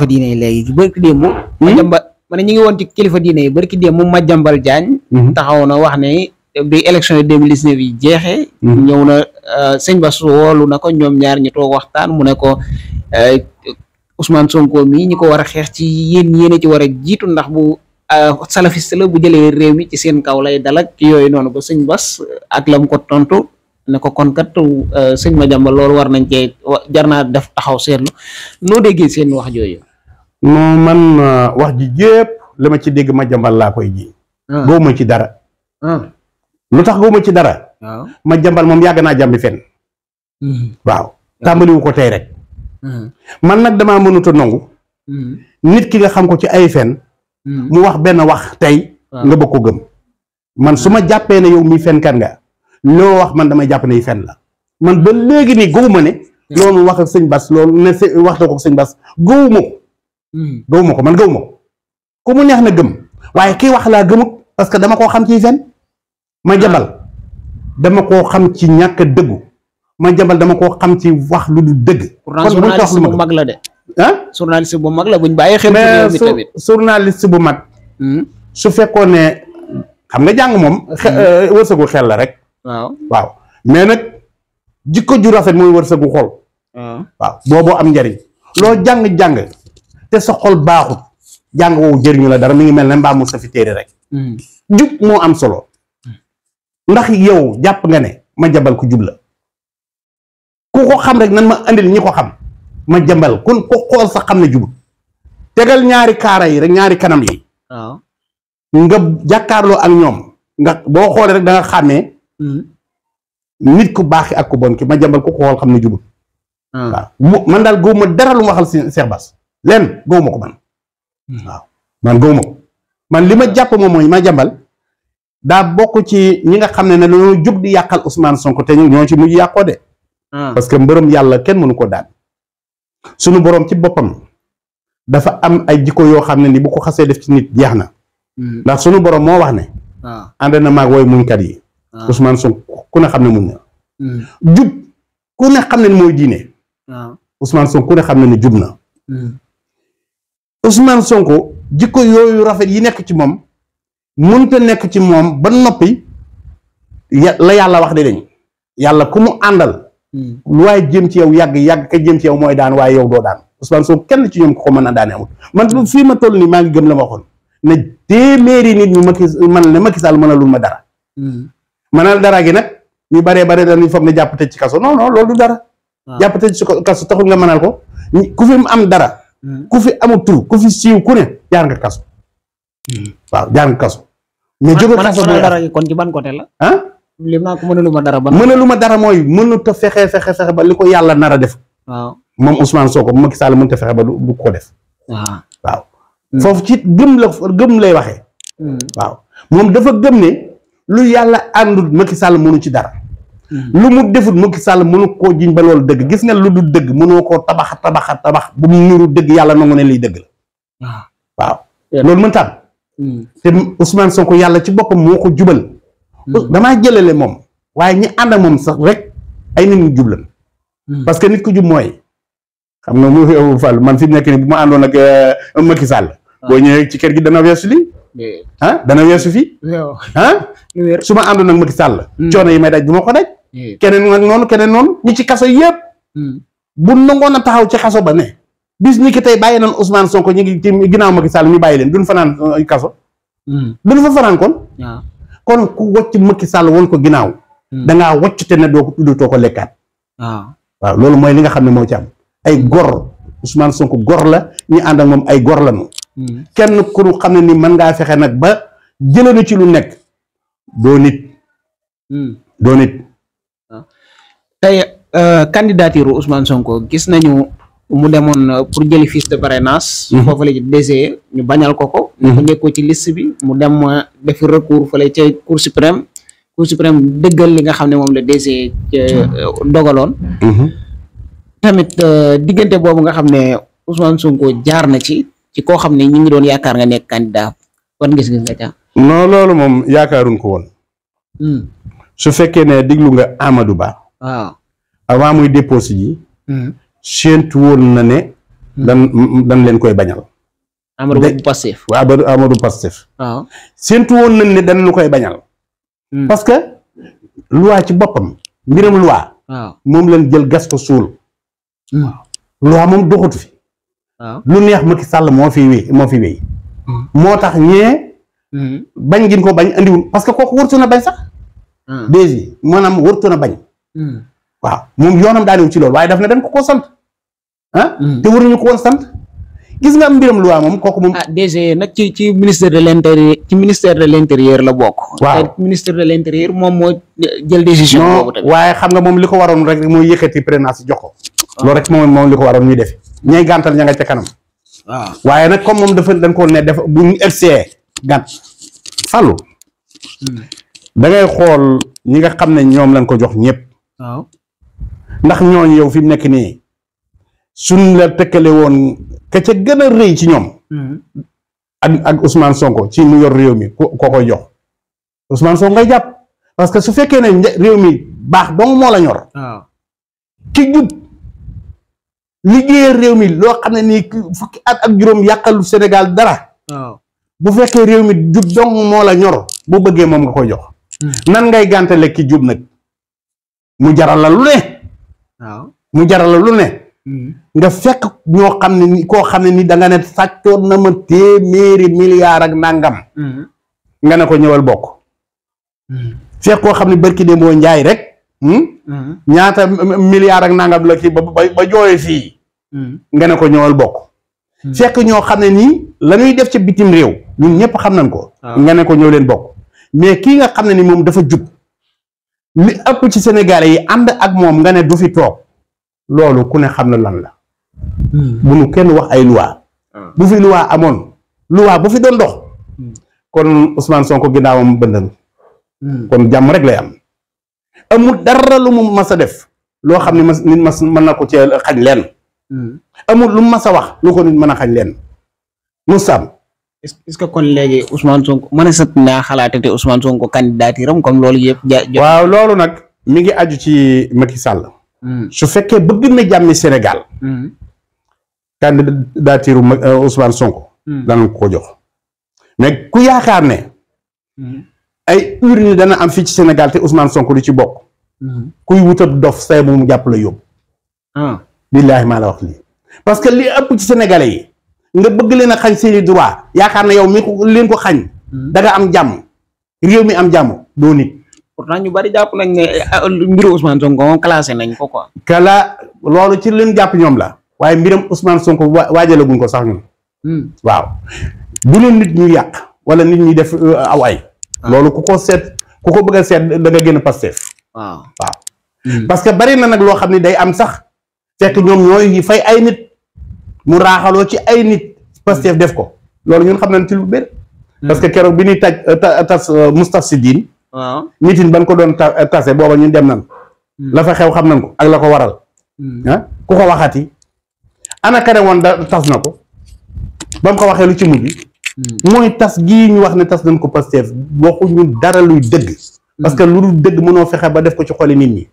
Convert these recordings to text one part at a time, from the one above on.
kilifa diine yi léegi barki démb hmm? ma ma ne ñu ngi woon ci kilifa diine yi barki démb ma jàmbal jaañ taxaw na wax ne bi élection yi deux mille yi jeexe hmm? ñëw na euh, sëñ Bass woolu na ko ñoom ñaar ñu toog waxtaan mu ne ko euh, Ousmane Sonko mii ñi ko war a xeex ci yéen yéen a ci war a jiitu ndax bu euh, salafiste la bu jëlee réew mi ci seen kaw lay dal ak yooyu noonu ba sëñ bas ak lam ko tontu ne ko konkat kat sëñ Madiambal loolu war nañ cee jar naa def taxaw seetlu noo déggee seen wax jooju. non man euh, wax ji jépp li ma ci dégg ma jambal laa koy ji ah. gawma ci dara ah. lu tax gawma ci dara ma jambal moom yàgg naa jàmbi fen mm-hmm. waaw tàmbaliwu ko tey rek mm-hmm. man nag damaa mënuta nangu mm-hmm. nit ki nga xam ko ci ay fen mu wax benn wax tey ah. nga bëgg ko gëm man su ma jàppee ne yow mi fen kan nga loo wax man dama jàpp ne fen la man ba léegi nii gëwuma ne loolu wax ak sëñ Bas loolu ne wax na ko sëñ Bas gëwuma Hmm. gëw ma ko man gëw ma ko ku mu neex na gëm waaye kii wax laa gëmut parce que dama koo xam ci fen ma jabal dama koo xam ci ñàkk dëggu ma jabal dama koo xam ci wax lu du dëgg. kon buñ wax lu ma mag la de. ah journaliste bu mag la buñ bàyyi xel. mais journaliste bu mag. Hmm. su fekkoon ne xam nga jàng moom. Hmm. Euh, wërsëgu xel la rek. waaw mais nag jikko ju rafet mooy wërsëgu xol. waaw booboo am njariñ loo jàng jàng. te sa xol baaxut jàng woowu jëriñu la dara mi ngi mel na mbaa mu sa fi téere rek hmm. jub moo am solo hmm. ndax yow jàpp nga ne ma jabal ku jub la ku ko xam rek nan ma andil ñi ko xam ma jambal kon xool sa xam ne jubut tegal ñaari kaara yi rek ñaari kanam yi nga jàkkaarloo ak ñoom nga boo xoolee rek da nga hmm. nit ku baax ak ku bon ki ma jambal ko xool xam ne jubut ah. waaw man daal góob ma dara lu ma waxal si Cheikh leen gëwuma ko man hmm. man gëwuma ko man li ma jàpp moom mooy ma jàmbal daa bokk ci ñi nga xam ne ne dañoo jug di yàqal Ousmane Sonko te ñoo ci mujj yàqoo de. Hmm. parce que mbërëm yàlla kenn mënu ko daan suñu boroom ci boppam dafa am ay jikko yoo xam ne ni bu ko xasee def ci nit jeex na hmm. ndax suñu boroom moo wax ne ah. ànd na maag wooy muñkat yi ah. Ousmane Sonko ku ne xam ne muñ na jub ku ne xam ne ni mooy diine ah. Ousmane Sonko ku ne xam ne ni jub na Ousmane Sonko jikko yooyu rafet yi nekk ci moom mënta nekk ci moom ba noppi la yàlla wax de dañ yàlla ku mu àndal hmm. lu waaye jëm ci yow yàgg yàgg ka jëm ci yow mooy daan waaye yow doo daan Ousmane Sonko kenn ci ñoom ko ko mën a daane amul man fii ma toll nii maa ngi gëm la ma waxoon ne téeméeri nit ma Macky man la Macky Sall lu ma dara hmm. mënal dara gi nag ñu baree bare dañuy foog ne jàpp tëj ci kaso non non loolu du dara ah. jàpp tëj ci kaso taxul nga mënal ko ku am dara Hmm. ku fi amul tur ku fi siiw ku ne jaar nga kaso. Hmm. waaw jaar nga kaso. mais jóge kon ci ban côté la. ah li ma ko mënaluma dara ban. mënaluma dara mooy mënut a fexe fexe fexe ba li ko yàlla nar a def. moom usman soo ko ma Sall mënut a fexe ba du ko def. waaw waaw. Hmm. foofu ci gëm la gëm lay waxee. waaw moom dafa gëm ne lu yàlla àndul Macky Sall mënu ci dara. Mm-hmm. lu mu defut Macky Sall mënu koo jiñ ba loolu dëgg gis nga lu du dëgg mënoo koo tabax tabaxa tabax bu mu nuru dëgg yàlla nangu ne lii dëgg la ah. waaw loolu mën taam mm. te Ousmane Sonko yàlla ci boppam moo ko jubal mm. damaa jëlale moom waaye ñi ànd ak moom sax rek ay nit mu jublan mm. parce que nit ku jub mooy xam nga mu yow man fi mu nekk nii bu ma àndoon ak euh, Macky Sall ah. boo ñëwee ci kër gi dana weesu lii ah dana weesu fii ah su ma àndoon ak Macky Sall coono yi may daj du ma ko daj keneen nag noonu keneen noonu ñi ci kaso yëpp. Hmm. bu nangoon a taxaw ci kaso ba ne. bis ni ki tey bàyyi nañ usmaan Sonko ñu ngi ci ginnaaw Macky Sall ñu bàyyi leen nu fanaan uh, kaso. Hmm. duñ fa fanaan kon. kon ku wocc Macky Sall woon ko ginnaaw. Hmm. dangaa ngaa wocc te ne doo ko tudd too ko lekkaat. waaw loolu mooy li nga xam ne moo ci am ay gor Ousmane sonk gor la ñu ànd ak moom ay gor la ñu. kenn ku xam ne ni mën ngaa fexe nag ba jëlee ci lu nekk doo nit. doo nit. tey euh, candidature Ousmane Sonko gis nañu mu demoon euh, pour jëli fiche de parrainage. Mhm. foofu la ci ñu bañal ko ko. mu mhm. nekkoo ci liste bi mu dem euh, defi recours fële ca cour suprême cour suprême dëggal li nga xam ne moom la DG dogaloon. Mhm. tamit diggante boobu nga xam ne Ousmane Sonko jaar na ci ci koo xam ne ñu ngi doon yaakaar nga nekk candidat ban gis-gis nga ca. non loolu moom yaakaaruñ ko woon. Hmm. su fekkee ne diglu nga Amadou Ba. avant muy déposé ji. Hmm. séentu woon na ne. Hmm. dan leen koy bañal. Amadou Ba bu Pastef. waaw Amadou Pastef. woon nañ ne dan lu koy bañal. Hmm. parce que loi ci boppam mbiram loi. moom leen jël gas ko suul. waaw moom doxut fi. lu neex Macky Sall moo fi wéy moo fi wéy. moo tax ñee. bañ gin ko bañ andiwul parce que kooku wërtu na bañ sax. Hmm. dèjà maanaam warutoon a bañ. Hmm. waaw moom yoonam daanewul ci loolu waaye daf na dañ ko koo sant. ah hmm. te waruñu ko woon sant. gis nga am lu loi moom kooku moom. ah DG nag ci ci ministère de l' intérieur ci ministère de l' intérieur la bokk. waaw te ministère l' intérieur moom moo jël décision. boobu waaye xam nga moom li ko waroon rek mooy yëkkati prénance jox ko. Ah. loolu rek moom moom li ko waroon ñuy def ñay gàntal ña nga ca kanam. waaw ah. waaye nag comme moom dafa dañ koo ne dafa bu ñu FCA gànt. Fallou. da xool ñi nga xam ne ñoom lañ ko jox ñëpp. ndax ñooñu yow fi mu nekk nii suñ la tëkkale woon ka ca gën a rëy ci ñoom. Hmm. ak ak Ousmane Sonko ci mu yor réew mi ko koy jox Ousmane son nga jàpp parce que su fekkee ne réew mi baax dong moo la ñor. waaw ki jub liggéeyal réew mi loo xam ne nii fukki at ak juróom yàqalu Sénégal dara. bu fekkee réew mi jub dong moo la ñor bu bëggee moom nga koy jox. nan ngay gànte lekk jub nag mu jarala lu ne mu jarala lu ne hmm. nga fekk ñoo xam ne ni koo xam ne ni da ne sàccoon na ma téeméeri milliard ak nàngam hmm. nga ne ko ñëwal bokk hmm. fekk koo xam ne barki de moo njaay rek ñaata milliard ak nàngam la kii ba ba jooye fii nga ne ko ñëwal bokk fekk ñoo xam ne nii la ñuy def ci bitim réew ñu ñëpp xam nañ ko ah. nga ne ko ñëw leen bokk mais kii nga xam ne ni moom dafa jub li ëpp ci Sénégalais yi ànd ak moom nga ne du fi toog loolu ku ne xam na lan la. bu hmm. nu kenn wax ay loi ah. bu fi loi amoon loi bu fi doon dox. Hmm. kon Ousmane Sonko ginnaawam bëndal. Hmm. kon jàmm rek lay am. amul dara lu mu mas a def loo xam ne mas nit mas mën na ko ci xañ leen. amul lu mu mas a wax lu ko nit mën a xañ leen. mu sàmm est-ce que kon léegi Ousmane Sonko mën naa xalaatee te Ousmane Sonko candidaturam comme loolu yëpp. ja waaw loolu nag mi ngi aju ci Macky Sall. Hmm. su fekkee bëgg na jàmmi Sénégal. Hmm. candidature euh, Ousmane Sonko. Hmm. danañ ko jox mais ku yaakaar ne. ay urne dana am fii ci Sénégal te Ousmane Sonko du ci bokk. kuy wutab dof say moom jàpp la yóbbu. Ah. billaahi maa la wax lii parce que li ëpp ci yi. nga bëgg leen a xañ seeni droit yaakaar na yow mi ko leen ko xañ hmm. danga am jàmm réew mi am jàmm doo nit pourtant ñu bari jàpp nañ ne eh, ah, mbiru Ousmane moom classé nañ ko quoi. kala loolu ci leen jàpp ñoom la waaye mbiram Ousmane Sonko waajalaguñ ko sax ñun. Hmm. waaw du leen nit ñu yàq wala nit ñi def euh, aw ay. Ah. loolu ku ko seet ku ko bëgg a seet da nga gën Pastef. waaw waaw. Hmm. parce que bari nag loo xam ne day am sax fekk ñoom ñooy fay ay nit. mu raaxaloo ci ay nit Pastef def ko loolu ñun xam na ci lu bëri parce que hmm. keroog bi ñuy taj euh, euh, tas euh, Moustapha waaw mitin ban ko doon tase booba ñun dem nan hmm. la fa xew xam nañ ko ak la ko waral hmm. ah, ku ko waxati ana kare won da tas na ko ba mu ko waxee lu ci mujj mooy tas gii ñu wax ne tas nañ ko Pastef waxuñu dara luy dëgg parce que lu dul dëgg mënoo fexe ba def ko ci xoli nit ñi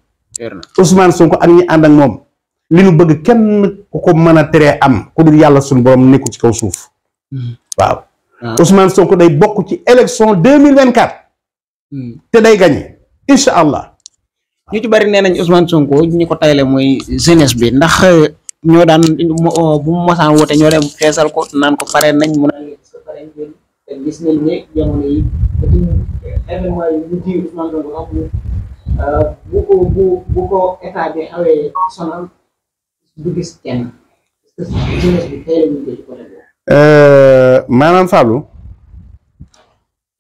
Ousmane Sonko ak ñi ànd ak moom li nu bëgg kenn ku ko mën a teree am ku dul yàlla suñ borom nekku ci kaw suuf hmm. waaw ah. Ousmane Sonko day bokk ci élection deux mille vingt quatre hmm. te day gagné incha allah ñu ci bari nee nañ Ousmane Sonko ñu ko tayle mooy jeunesse bi ndax eh, ñoo daan oh, bu mu mosaan woote ñoo dem feesal ko naan ko pare nañ mun a gis nañ ne jamono yi euh, bu ko bu ko état bi xawee sonal du gis ci maanaam Fallou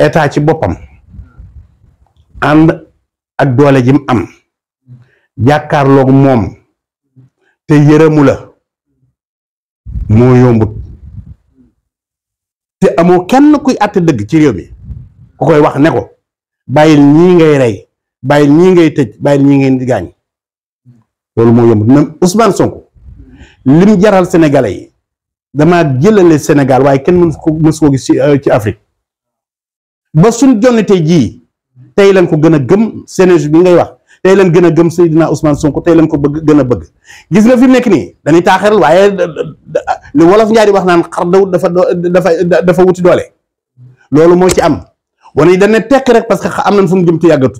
état ci boppam ànd ak doole jim mu am jàkkaarloog moom te yërëmu la moo yombut te amoo kenn kuy àtte dëgg ci réew bi ku koy wax ne ko bàyyil ñii ngay rey bàyyil ñii ngay tëj bàyyil ñii ngay gaañ loolu moo yombut même Ousmane Sonko. lim jaral sénégalais yi damaa jëlale Sénégal waaye kenn mën ko mës koo gis ci euh, ci Afrique ba suñ tey jii tey lañ ko gën a gëm Sénégal bi ngay wax tey leen gën a gëm Seydina Ousmane Sonko tey lañ ko bëgg gën a bëgg gis nga fi mu nekk nii dañuy taaxeral waaye li wolof njaay wax naan xar dafa dafa dafa wuti doole loolu moo ci am wala dañ ne tekk rek parce que am nañ fu mu jëm ci yàggatu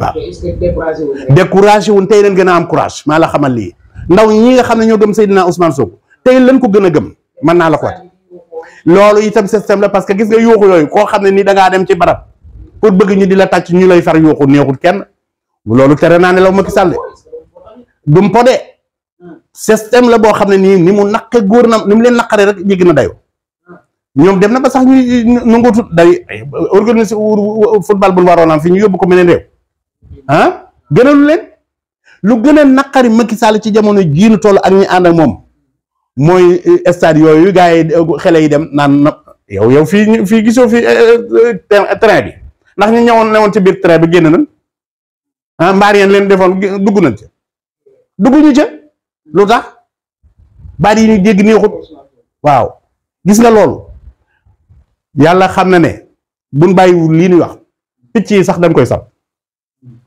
waaw ah, découragé tey lañ gën a am courage maa la xamal lii ndaw ñi nga xam ne ñoo gëm Seydina Ousmane Sonko tey leen ko gën a gëm mën naa la ko loolu itam système la parce que gis nga yuuxu yooyu koo xam ne ni da dem ci barab pour bëgg ñu di la tàcc ñu lay far yuuxu neexul kenn loolu tere naa ne law Macky Sall du mu podee système la boo xam ne nii ni mu naqe góor na ni mu leen naqare rek jéggi na dayoo ñoom dem na ba sax ñuy nanguutu day organiser football bu waroon am fi ñu yóbbu ko meneen réew ah gënalu lu gën naqari Macky Sall ci jamono jii nu ak ñi ànd ak moom mooy euh, stade yooyu gaa yi euh, xale yi dem naan na yow yow fii fii gisoo fi euh, train bi ndax ñu ñëwoon newoon ci biir train bi génn na ah mbaar yeen leen defoon dugg nañ ca dugg ñu ca lu tax baat yi ñu jégg neexut waaw gis nga loolu yàlla xam na ne buñ bàyyiwul lii ñuy wax picc yi sax dañ koy sab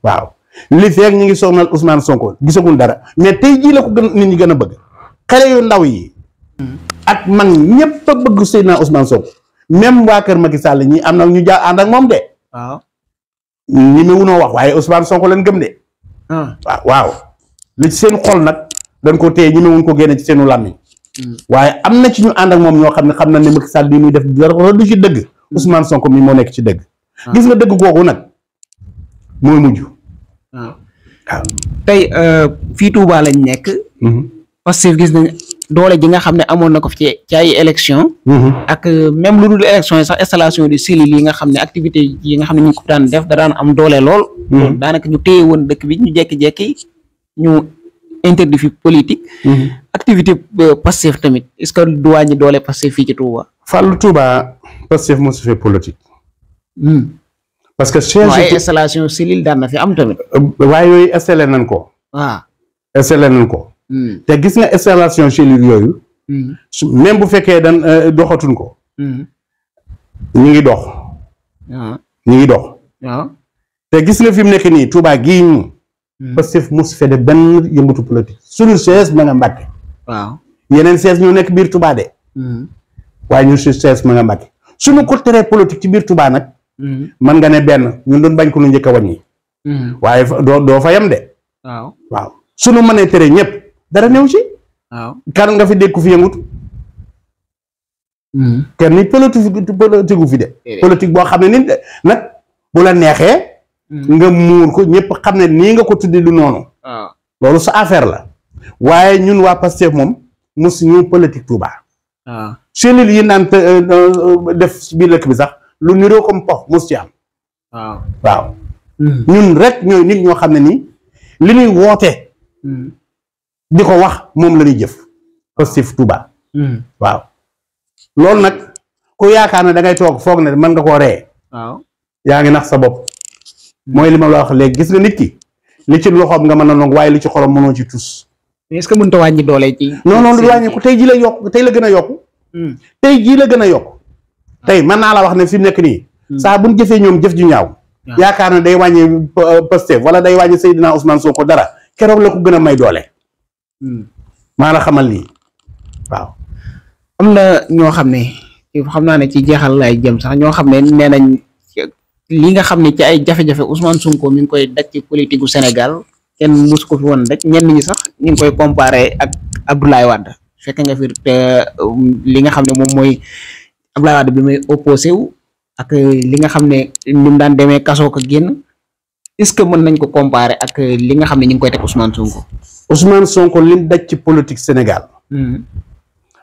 waaw li feeg ñu ngi sonal Ousmane Sonko gisagul dara mais tey jii la ko gën nit ñi gën a bëgg xale yu ndaw yi. ak mag ñëpp a bëgg naa Ousmane Sonko même waa Kër Macky Sall ñi am na ñu jaa ànd ak moom de. waaw ñi ma wunoo wax waaye Ousmane Sonko leen gëm de. Ah. waaw waaw li seen xol nag dañ ko téye ñi ma ko génne ci seenu làmmiñ. Hmm. waaye am na ci ñu ànd ak moom ñoo xam ne xam na ne Macky Sall li muy def dara du ci dëgg. Hmm. Ousmane Sonko mi moo nekk ci dëgg. Ah. gis nga dëgg googu nag mooy mujj. waaw ah. tey euh, fii Touba lañ nekk. Mm-hmm. Pastef gis nañ doole ji nga xam ne amoon na ko ci ci ay élection mm-hmm. ak euh, même lu dul élection yi sax installation de cellules yi nga xam ne activité yi nga xam ne ñu ko daan def da daan am doole lool. Mm-hmm. daanaka ñu téye woon dëkk bi ñu jékki-jékki ñu interdit fi politique. activité euh, Pastef tamit est-ce que du wàññi doole Pastef fii ci Touba. Fallou Touba Pastef mosu fee politique. Hmm. parce que siège ay installation cellule daan na fi am tamit. waaye yooyu installé nañ ko. waaw ah. installé nañ ko. Hmm. te gis nga installation cellule yooyu. Hmm. même bu fekkee dan euh, doxatuñ ko. Hmm. ñu ngi dox. Ah. ñu ngi dox. Ah. te gis nga fi mu nekk nii Touba gii ñu. Pastef mos de benn yëngatu politique suñu siège ma nga Mbàkke. waaw yeneen siège nekk biir Touba de. waaye ñu si siège ma nga Mbàkke suñu ko teree politique ci biir Touba nag. Hmm. man nga ne benn ñun doon bañ ko lu njëkk a wàññi. Hmm. waaye doo doo fa yem de. waaw su sunu mënee teree ñëpp dara néew ci. waaw kan nga fi dékku fi yëngut. Hmm. kenn ni politique fi de. Eh. politique boo xam ne ni nag bu la neexee. nga muur ko ñëpp xam ne nii nga ko tuddi lu noonu. loolu sa affaire la. waaye ñun waa Pastef moom mosu ñu politique Touba. waaw cellule yi naan euh, euh, def biir lëkk bi sax. lu niroo comme pox mos waaw hmm. ñun rek ñooy nit ñoo xam ne nii li ñuy woote hmm. di ko wax moom la ñuy jëf positif Touba hmm. waaw loolu nag ku yaakaar ne da ngay toog foog ne mën nga koo ree yaa ngi nax sa bopp mooy li ma la wax léegi gis nga nit ki li ci loxoom nga mën a noog waaye li ci xolam mënoo ci tus mais est-ce que doole ci non non ko tey ji la yokk tey la gën a yokk tey jii la gën a yokk tey mën naa la wax ne fi nekk nii hmm. saa bu buñ jëfee ñoom jëf ju ñaaw yaakaar ne day wàññi euh, Pastef wala day wàññi Seydina Ousmane Sonko dara keroog la ko gën may doole hmm. maa xamal lii waaw am na ñoo xam ne xam naa ne ci jeexal lay jëm sax ñoo xam ne nee nañ li nga xam ne ci ay jafe-jafe Ousmane mi ngi koy daj ci politique gu Sénégal kenn musu ko fi woon daj ñenn ñi sax ñu ngi koy comparé ak Abdoulaye wàdd fekk nga fi um, li nga xam ne moom mooy Abdoulaye Wade bi muy opposé wu euh, li nga xam ne ni mu daan demee kasoo ko génn est-ce que mën nañ ko comparer ak euh, li nga xam ne ñu ngi koy teg Ousmane Sonko. Ousmane Sonko lim daj ci politique Sénégal. Hmm.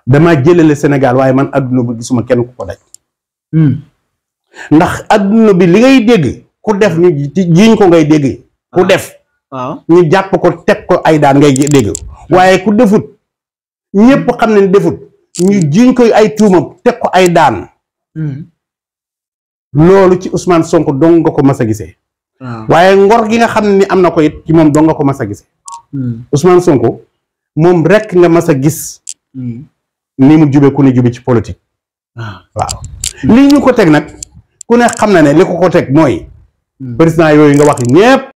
damaa jëlale Sénégal waaye man adduna bi gisuma kenn ku ko daj. Hmm. ndax adduna bi li ngay dégg ku def ñu jiiñ ko ngay dégg. ku ah. def. waaw ah. ñu jàpp ko teg ko ay daan ngay dégg. Ah. waaye ku defut ñëpp xam nañ defut. ñu jiñ koy ay tuumam teg ko ay daan hmm. loolu ci Ousmane Sonko dong nga ko mas a gisee waaye ngor gi nga xam ni am na ko it ci moom dong nga ko masa gise gisee hmm. Ousmane Sonko moom rek nga mas a gis hmm. ni mu jube ku ne jube ci politique ah. waaw li ñu ko teg nag ku ne xam na ne li ko ko teg mooy président yooyu nga wax ñépp